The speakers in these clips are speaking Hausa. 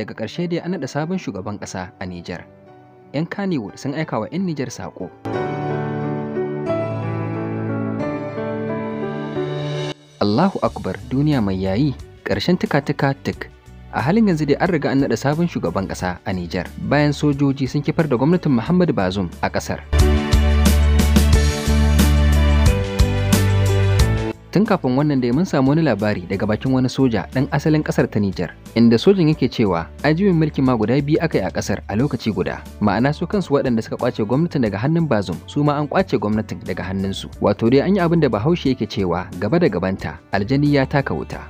daga ƙarshe dai an naɗa sabon shugaban ƙasa a Nijar. 'Yan Kannywood sun aika wa 'yan Nijar saƙo. Allahu Akbar duniya mai yayi ƙarshen tuka-tuka tuk. A halin yanzu dai an riga an naɗa sabon shugaban ƙasa a Nijar bayan sojoji sun kifar da gwamnatin Muhammadu Bazum a ƙasar. Tun kafin wannan dai mun samu wani labari daga bakin wani soja ɗan asalin ƙasar ta Nijar, inda sojan yake cewa ajiyoyin mulkin ma guda biyu aka yi a ƙasar a lokaci guda. Ma'ana su kansu waɗanda suka kwace gwamnatin daga hannun Bazum su ma an kwace gwamnatin daga hannunsu. Wato dai an yi abin da Bahaushe yake cewa gaba da gabanta aljani ya taka wuta.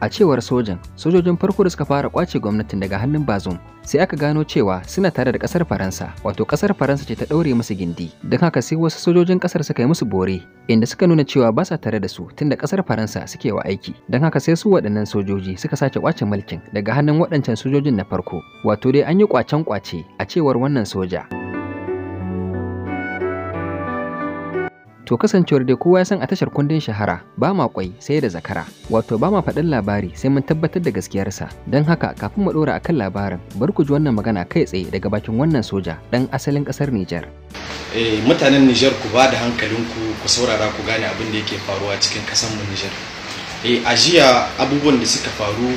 A cewar sojan, sojojin farko da suka fara kwace gwamnatin daga hannun bazum sai aka gano cewa suna tare da ƙasar Faransa, wato ƙasar Faransa ce ta ɗaure musu gindi. Don haka sai wasu sojojin kasar suka yi musu bore, inda suka nuna cewa ba sa tare da su tunda ƙasar Faransa suke wa aiki. Don haka sai su waɗannan sojoji suka sace kwace mulkin daga hannun waɗancan sojojin na farko. Wato dai an yi kwacen kwace a cewar wannan soja. To kasancewar dai kowa ya san a tashar kundin shahara ba ma kwai sai da zakara wato ba ma faɗin labari sai mun tabbatar da gaskiyarsa don haka kafin mu ɗora akan labarin bar ku ji wannan magana kai tsaye daga bakin wannan soja ɗan asalin ƙasar Nijar. Eh, mutanen Nijar ku ba da hankalinku ku saurara ku gane abin da yake faruwa cikin mu Nijar. Eh, a jiya abubuwan da suka faru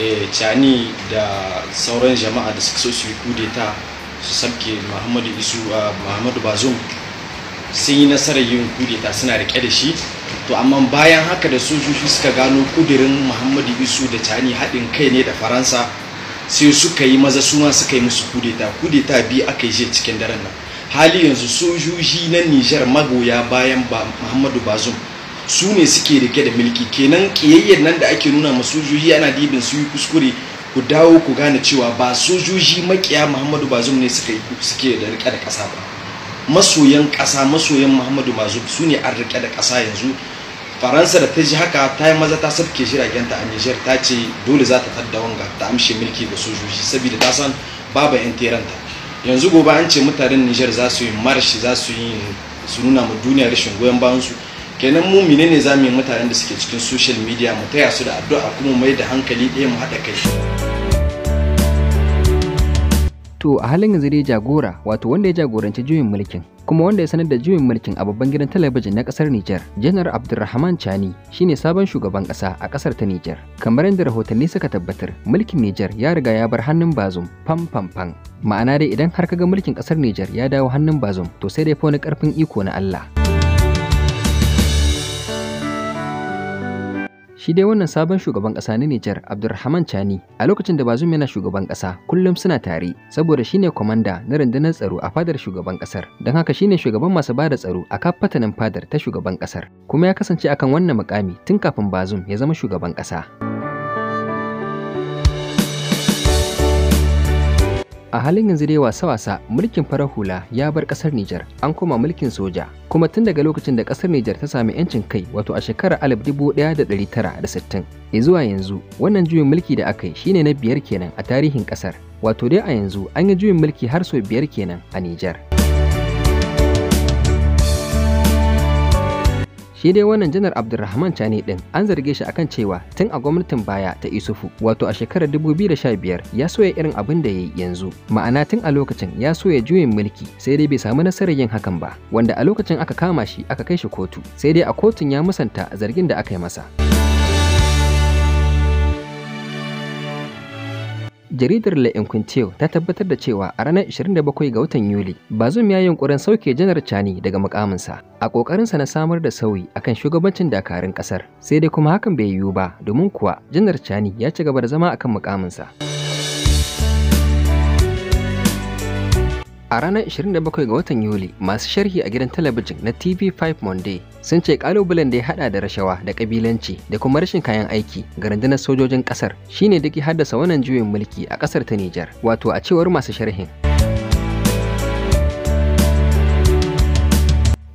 eh, cani da sauran jama'a da suka so su yi kudeta su sabke Muhammadu Isu ah, Muhammadu Bazum sun yi nasarar yin kudeta suna rike da shi to amma bayan haka da sojoji suka gano kudirin muhammadu isu da cani haɗin kai ne da faransa sai suka yi maza suna suka yi musu kudeta kudeta biyu aka yi je cikin daren nan hali yanzu sojoji na nijar magoya bayan muhammadu bazum su ne suke rike da mulki kenan kiyayyar nan da ake nuna ma sojoji ana dibin su yi kuskure ku dawo ku gane cewa ba sojoji makiya muhammadu bazum ne suke da rike da ƙasa ba masoyan ƙasa masoyan muhammadu mazub su ne an riƙe da ƙasa yanzu faransa da ta ji haka ta yi maza ta sabke ta a nijar ta ce dole za ta tadda wanga ta amshe mulki ga sojoji saboda ta san babu yan teranta yanzu gobe an ce mutanen nijar za su yi marshi za su yi su nuna mu duniya rashin goyon bayan su kenan mu menene za mu yi mutanen da suke cikin social media mu taya su da addu'a kuma mai da hankali ɗaya mu haɗa kai to a halin yanzu dai jagora wato wanda ya jagoranci juyin mulkin kuma wanda ya sanar da juyin mulkin a babban gidan talabijin na kasar Nijar, Janar Abdulrahman Chani shine sabon shugaban kasa a kasar ta Nijar. Kamar yadda rahotanni suka tabbatar, mulkin Nijar ya riga ya bar hannun bazum pam pam pam. Ma'ana dai idan har kaga mulkin kasar Nijar ya dawo hannun bazum, to sai dai fa wani karfin iko na Allah. Shi dai wannan sabon shugaban ƙasa na Nijar Abdurrahman Chani a lokacin da Bazum yana shugaban ƙasa kullum suna tare saboda shine kwamanda na rundunar tsaro a fadar shugaban ƙasar don haka shine shugaban masu bada tsaro a kafatanin fadar ta shugaban ƙasar kuma ya kasance akan wannan mukami tun kafin Bazum ya zama shugaban ƙasa. A halin yanzu dai wasa-wasa mulkin farar hula ya bar ƙasar Nijar an koma mulkin soja kuma tun daga lokacin da ƙasar Nijar ta sami 'yancin kai wato a shekarar 1960 e zuwa yanzu wannan juyin mulki da aka yi shine na biyar kenan a tarihin ƙasar wato dai a yanzu an yi juyin mulki har sau biyar kenan a Nijar. shi dai wannan janar abdulrahman chani din an zarge shi akan cewa tun a gwamnatin baya ta isufu wato a shekarar 2015 ya soya irin abin da ya yi yanzu ma'ana tun a lokacin ya soya juyin mulki sai dai bai samu nasarar yin hakan ba wanda a lokacin aka kama shi aka kai shi kotu sai dai a kotun ya musanta zargin da aka yi masa. jaridar Le Inquietateur ta tabbatar da cewa a ranar 27 ga watan Yuli, Bazoum ya yi yunkurin sauke janar Chani daga mukaminsa a ƙoƙarinsa na samar da sauyi akan shugabancin dakarun ƙasar, Sai dai kuma hakan bai yiwu ba, domin kuwa janar Chani ya ci gaba da zama akan mukaminsa. A ranar 27 ga watan Yuli, masu sharhi a gidan talabijin na TV5 Monday sun ce kalubalen da ya hada da rashawa da kabilanci da kuma rashin kayan aiki ga rundunar sojojin kasar shine duk ke haddasa wannan juyin mulki a kasar ta Nijar, wato a cewar masu sharhin.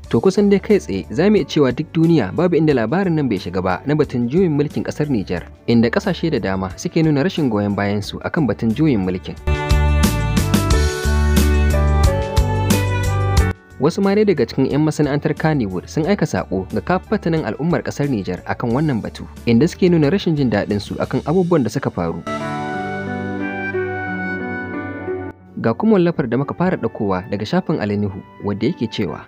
To kusan dai kai tsaye za mu iya cewa duk duniya babu inda labarin nan bai shiga ba na batun juyin mulkin kasar Nijar, inda kasashe da dama suke nuna rashin goyon bayansu akan batun juyin mulkin. wasu ma ne daga cikin 'yan masana'antar Kannywood sun aika sako ga kafatanin al'ummar kasar Nijar akan wannan batu inda suke nuna rashin jin daɗin su akan abubuwan da suka faru. Ga kuma wallafar da muka fara ɗaukowa daga shafin Alinihu wanda yake cewa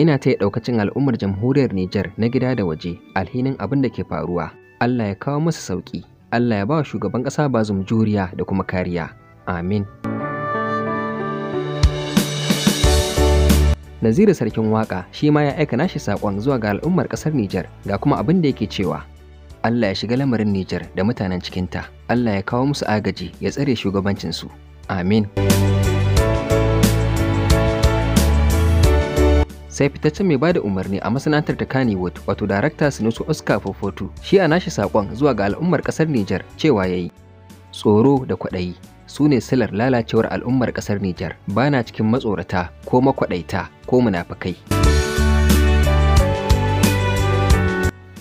ina taya ɗaukacin al'ummar jamhuriyar Nijar na gida da waje alhinin abin da ke faruwa. Allah ya kawo masa sauƙi. Allah ya ba wa shugaban ƙasa bazum juriya da kuma kariya. Amin. Naziru sarkin waka shi ma ya aika nashi sakon zuwa ga al'ummar ƙasar Nijar ga kuma abin da yake cewa Allah ya shiga lamarin Nijar da mutanen cikinta Allah ya kawo musu agaji ya tsare shugabancinsu amin sai fitaccen mai bada umarni a masana'antar ta Kannywood wato darakta Sinusu Oscar Fofotu shi a nashi sakon zuwa ga al'ummar ƙasar Nijar cewa yayi tsoro da kwaɗayi su ne silar lalacewar al'ummar ƙasar Nijar bana cikin matsorata ko makwaɗaita ko munafukai.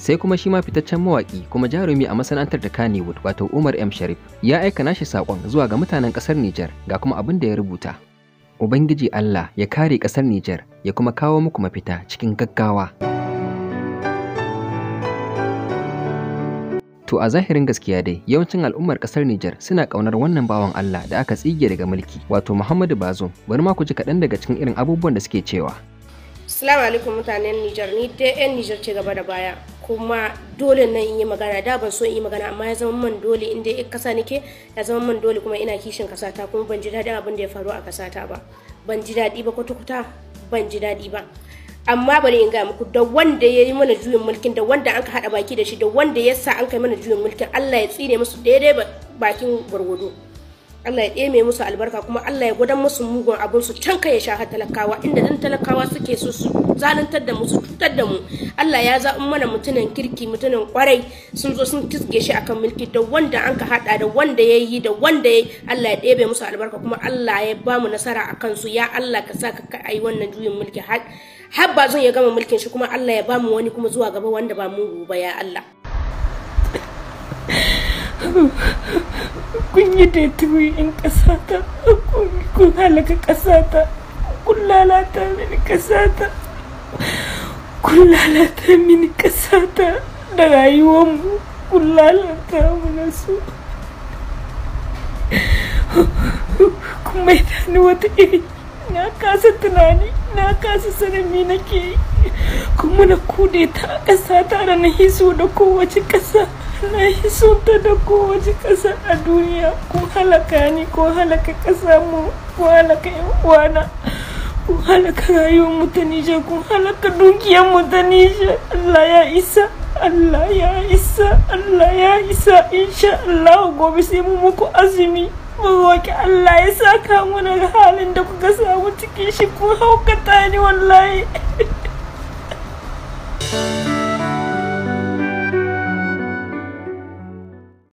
sai kuma shi ma fitaccen mawaƙi kuma jarumi a masana'antar da Kannywood wato Umar M Sharif ya aika nashi saƙon zuwa ga mutanen ƙasar Nijar ga kuma abin da ya rubuta. Ubangiji Allah ya kare ƙasar Nijar ya kuma kawo muku mafita cikin gaggawa. To a zahirin gaskiya dai yawancin al'ummar kasar Nijar suna kaunar wannan bawan Allah da aka tsige daga mulki wato Muhammadu Bazo bari ma ku ji kaɗan daga cikin irin abubuwan da suke cewa. Assalamu alaikum mutanen Nijar ni dai yan Nijar ce gaba da baya kuma dole nan in yi magana da ban so in yi magana amma ya zama man dole in dai kasa nake ya zama man dole kuma ina kishin kasata kuma ban ji daɗin abin da ya faru a kasata ba ban ji daɗi ba kwata-kwata ban ji daɗi ba. amma bari in gaya muku da wanda ya yi mana juyin mulkin da wanda an ka haɗa baki da shi da wanda ya sa an kai mana juyin mulkin Allah ya tsine musu daidai bakin gwargwado. Allah ya ɗeme musu albarka kuma Allah ya gudan musu mugun abun su can kai ya sha talakawa inda dan talakawa suke so su zaluntar da mu su cutar da mu Allah ya zaɓi mana mutumin kirki mutumin kwarai sun zo sun kisge shi akan mulki da wanda an ka hada da wanda ya yi da wanda ya Allah ya ɗebe musu albarka kuma Allah ya ba mu nasara akan su ya Allah ka sa ka ai wannan juyin mulki har har ba zan ya gama mulkin shi kuma Allah ya ba mu wani kuma zuwa gaba wanda ba mu ba ya Allah kun yi detroit in ta, kun halaka ta, kun lalata mini ta, kun lalata mini ƙasata da rayuwanmu kun lalata mana su kun mai ni wata iri na kasa tunani na kasa sanami nake kun kuma na kude ta ƙasa tare na hiso da kowace ƙasa na yi ta da kowace ƙasa a duniya ko halaka ni ko halaka ƙasa mu ko halaka uwana ko halaka rayuwar mu ta ko halaka dukiyar mu ta Allah ya isa Allah ya isa Allah ya isa insha Allah gobe sai mu muku azumi mu Allah ya saka mu halin da kuka samu cikin shi ko haukata ni wallahi